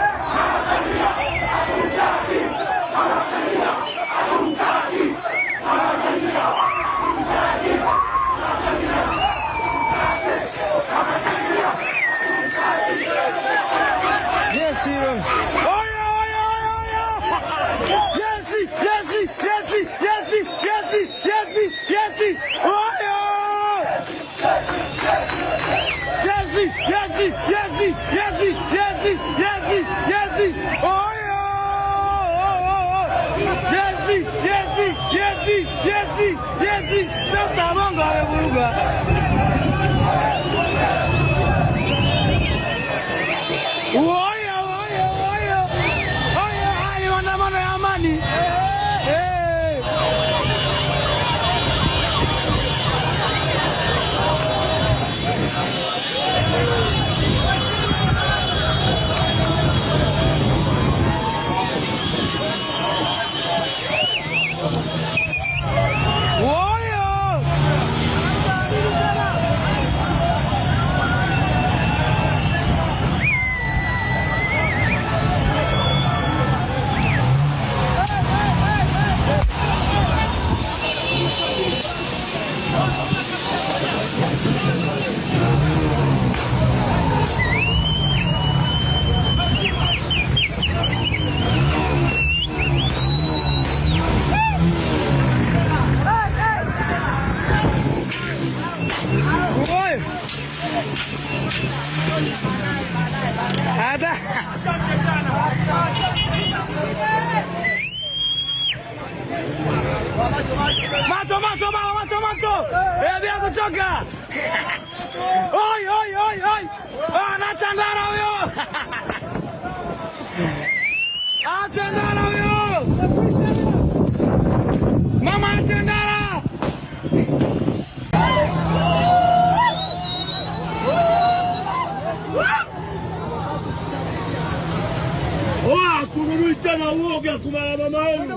Yeah. Machi sasa Bongo amevuruga. Oyo oyo oyo oyo, hayo maandamano ya amani. Sonko. Eh, bila kuchoka. Oi, oi, oi, oi. Ah, na chandara huyo. Ah, chandara huyo. Mama chandara. Oa, kurudi tena uoga kumala mama yenu.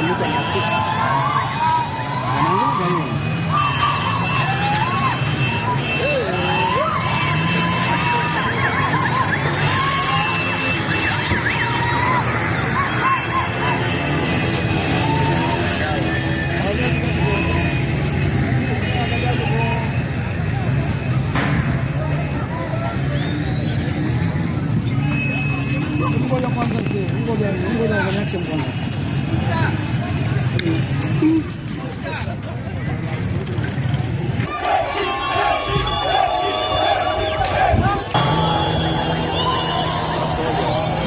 chuẩn chuẩn là thích nó lúc đây rồi Thank you.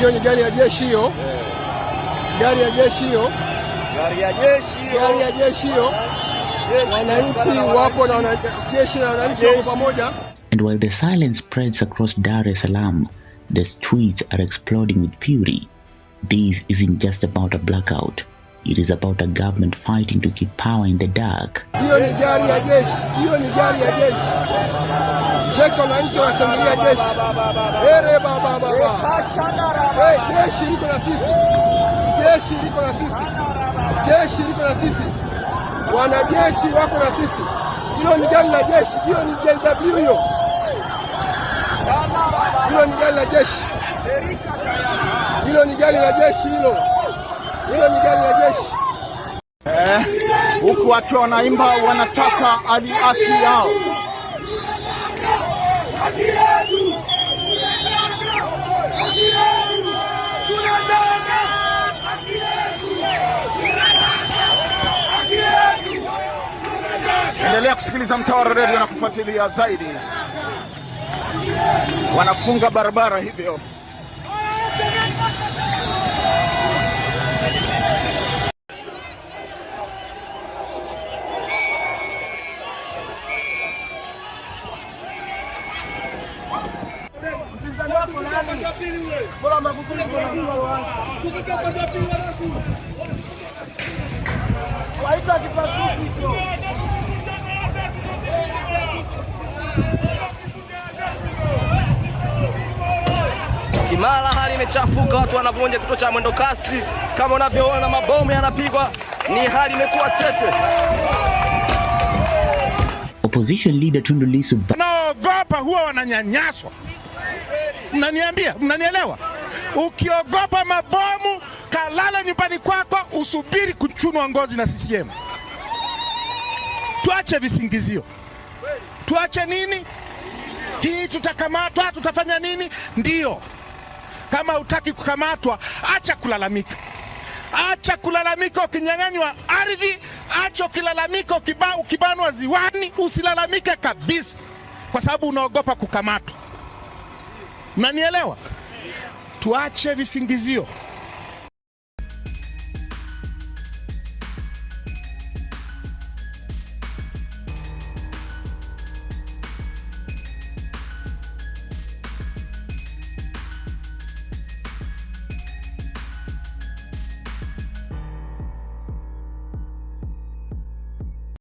hiyo ni gari ya jeshi hiyo, gari ya jeshi hiyo, gari ya jeshi hiyo. Wananchi wapo na wanajeshi na wananchi wapo pamoja. And while the silence spreads across Dar es Salaam, the streets are exploding with fury. This isn't just about a blackout. It is about a government fighting to keep power in the dark. Hiyo ni gari ya jeshi, hiyo ni gari ya jeshi. Cheki wananchi wanashangilia jeshi. Ere baba baba. Eh, jeshi liko na sisi. Jeshi liko na sisi. Jeshi liko na sisi. Wanajeshi wako na sisi. Hilo ni gari la jeshi, hilo ni JW hiyo. Hilo ni gari la jeshi. Hilo ni gari la jeshi hilo. Hilo ni gari la jeshi. Eh, huku wakiwa wanaimba wanataka ali haki yao. Endelea kusikiliza Mtawara redio na kufuatilia zaidi. Wanafunga barabara hivyo. Kimara hali imechafuka, watu wanavunja kituo cha mwendo kasi kama unavyoona, mabomu yanapigwa, ni hali imekuwa tete. Opposition leader Tundu Lissu, naogopa huwa wananyanyaswa Mnaniambia, mnanielewa? Ukiogopa mabomu, kalala nyumbani kwako, usubiri kuchunwa ngozi na CCM. Tuache visingizio, tuache nini hii, tutakamatwa tutafanya nini? Ndiyo, kama hutaki kukamatwa, acha kulalamika, acha kulalamika. Ukinyang'anywa ardhi, acha ukilalamika. Ukibanwa ziwani, usilalamike kabisa, kwa sababu unaogopa kukamatwa. Mnanielewa? Tuache visingizio.